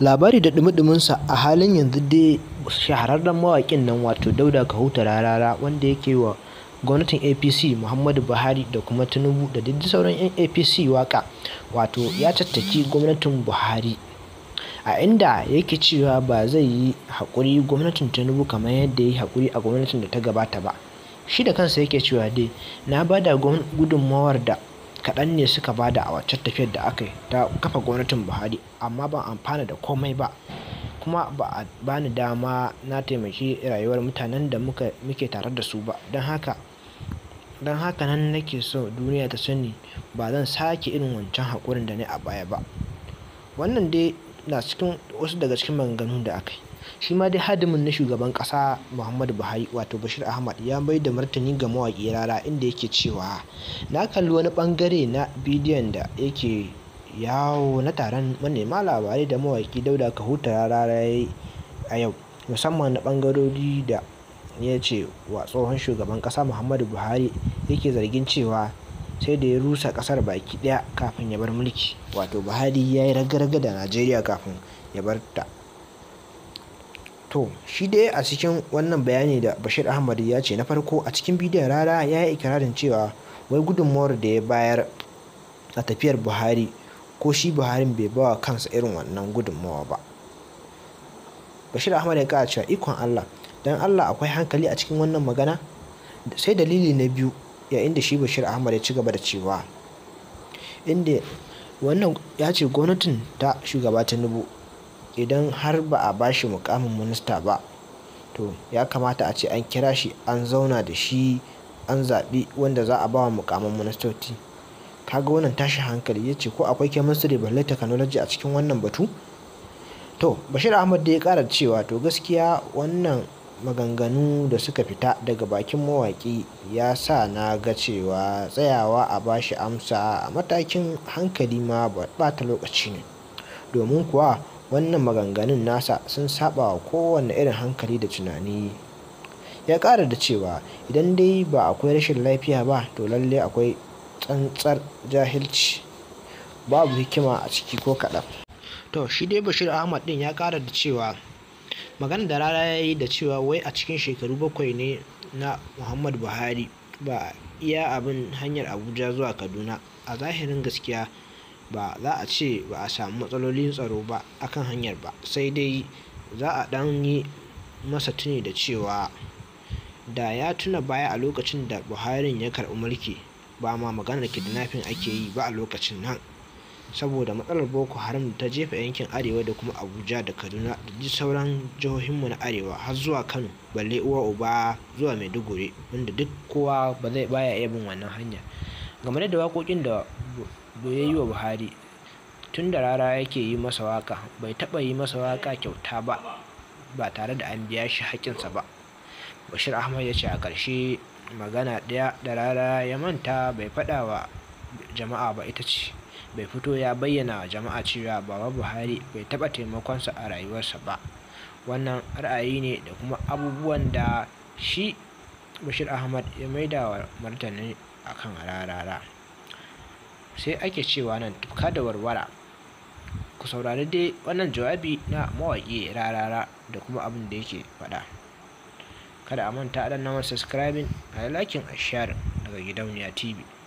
labari da dumi a halin yanzu dai shahararren mawaƙin nan wato dauda kahuta rarara wanda yake wa gwamnatin apc muhammadu buhari da kuma tinubu da duk sauran 'yan apc waka wato ya tattaki gwamnatin buhari a inda yake cewa ba zai yi haƙuri gwamnatin tinubu kamar yadda ya yi haƙuri a gwamnatin da ta gabata ba shi da kansa yake cewa dai na bada gudunmawar da kaɗan ne suka bada a tafiyar da aka yi ta kafa gwamnatin buhari amma ban amfana da komai ba kuma ba a bani dama na taimaki rayuwar mutanen da muke tare da su ba don haka don haka nan nake so duniya ta sani ba zan sake irin wancan haƙurin da ne a baya ba wannan dai na cikin wasu daga cikin maganganun da aka yi shi ma dai hadimin na shugaban kasa muhammadu buhari wato bashir ahmad ya mai da martani ga mawaƙi rara inda yake cewa na kalli wani bangare na bidiyon da yake yawo na taron manema labarai da mawaki dauda kahuta rara ya a yau musamman na bangarori da ya ce wa tsohon shugaban kasa muhammadu buhari yake zargin cewa sai da ya rusa kasar baki daya kafin ya bar mulki wato buhari ya yi raga da najeriya kafin ya bar ta to shi dai a cikin wannan bayani da bashir ahmad ya ce na farko a cikin bidiyon rara ya yi ikirarin cewa wai gudunmawar da ya bayar a tafiyar buhari ko shi buharin bai bawa kansa irin wannan gudunmawa ba bashir ahmad ya kara cewa ikon allah don allah akwai hankali a cikin wannan magana sai dalili na biyu yayin da shi bashir ahmad ya ci gaba da cewa inda wannan ya ce gwamnatin ta shugaba tinubu idan har ba a bashi mukamin minista ba to ya kamata a ce an kira shi an zauna da shi an zaɓi wanda za a ba wa mukamin ministoci kaga wannan tashi hankali ya ce ko akwai chemistry balle technology a cikin wannan batu to bashir ahmad da ya ƙara cewa to gaskiya wannan maganganu da suka fita daga bakin mawaƙi ya sa na ga cewa tsayawa a bashi amsa a matakin hankali ma ba ta lokaci ne domin kuwa wannan maganganun nasa sun saba wa kowane irin hankali da tunani ya ƙara da cewa idan dai ba akwai rashin lafiya ba to lalle akwai tsantsar jahilci babu hikima a ciki ko kaɗan to shi dai bashir ahmad din ya ƙara da cewa magana da rara ya yi da cewa wai a cikin shekaru bakwai ne na muhammad buhari ba iya abin hanyar abuja zuwa kaduna a zahirin gaskiya ba za a ce ba a samu matsalolin tsaro ba akan hanyar ba sai dai za a ɗan yi masa tuni da cewa da ya tuna baya a lokacin da Buhari ya karɓi mulki ba ma maganar kidnapping ake yi ba a lokacin nan saboda matsalar boko haram ta jefa yankin arewa da kuma abuja da kaduna da ji sauran jihohinmu na arewa har zuwa kano balle uwa uba zuwa maiduguri wanda duk kowa ba zai baya iya bin wannan hanya game da waƙoƙin da yi wa buhari tun da rara yake yi masa waka bai taba yi masa waka kyauta ba ba tare da an biya shi haƙƙinsa ba bashir ahmad ya ce a ƙarshe magana ɗaya da rara ya manta bai faɗa wa jama'a ba ita ce bai fito ya bayyana wa jama'a cewa baba buhari bai taɓa taimakonsa a rayuwarsa ba wannan ra'ayi ne da kuma abubuwan da shi bashir ahmad ya maida wa martani akan rarara sai ake cewa nan tuka da warwara ku saurari dai wannan jawabi na mawaƙi rarara da kuma abin da yake faɗa kada a manta a nama subscribing a lakin a sharing daga gidauniya tv